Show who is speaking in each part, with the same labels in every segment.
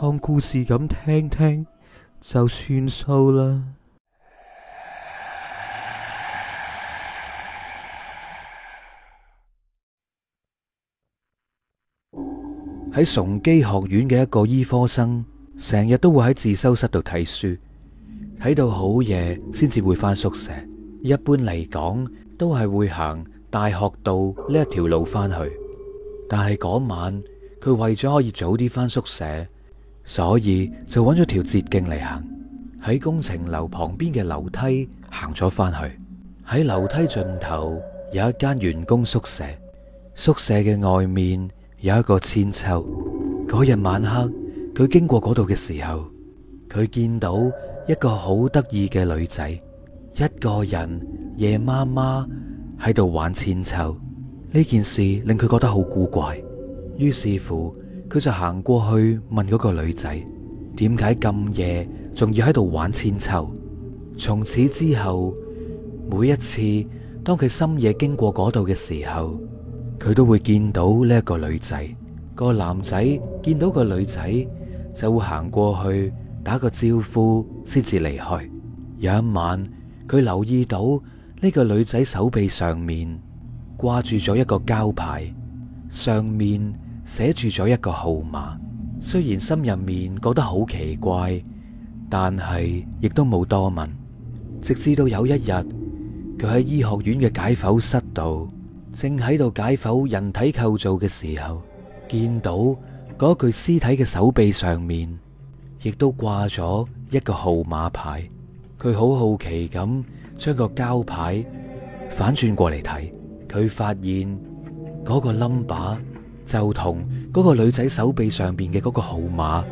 Speaker 1: 當故事咁聽聽就算數啦。喺崇基學院嘅一個醫科生，成日都會喺自修室度睇書，睇到好夜先至會翻宿舍。一般嚟講，都係會行大學道呢一條路翻去。但係嗰晚，佢為咗可以早啲翻宿舍。所以就揾咗條捷徑嚟行，喺工程樓旁邊嘅樓梯行咗返去。喺樓梯盡頭有一間員工宿舍，宿舍嘅外面有一個韆鞦。嗰日晚黑，佢經過嗰度嘅時候，佢見到一個好得意嘅女仔，一個人夜媽媽喺度玩韆鞦。呢件事令佢覺得好古怪，於是乎。佢就行過去問嗰個女仔點解咁夜仲要喺度玩韆鞦。從此之後，每一次當佢深夜經過嗰度嘅時候，佢都會見到呢一個女仔。個男仔見到個女仔就會行過去打個招呼，先至離開。有一晚，佢留意到呢個女仔手臂上面掛住咗一個膠牌，上面。寫住咗一個號碼，雖然心入面覺得好奇怪，但係亦都冇多問。直至到有一日，佢喺醫學院嘅解剖室度，正喺度解剖人體構造嘅時候，見到嗰具屍體嘅手臂上面，亦都掛咗一個號碼牌。佢好好奇咁將個膠牌反轉過嚟睇，佢發現嗰個 number。就同嗰個女仔手臂上面嘅嗰個號碼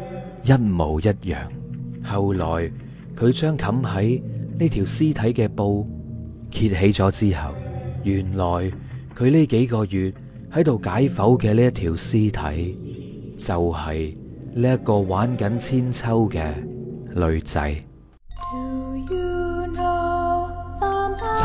Speaker 1: 一模一樣。後來佢將冚喺呢條屍體嘅布揭起咗之後，原來佢呢幾個月喺度解剖嘅呢一條屍體，就係呢一個玩緊韆鞦
Speaker 2: 嘅女仔。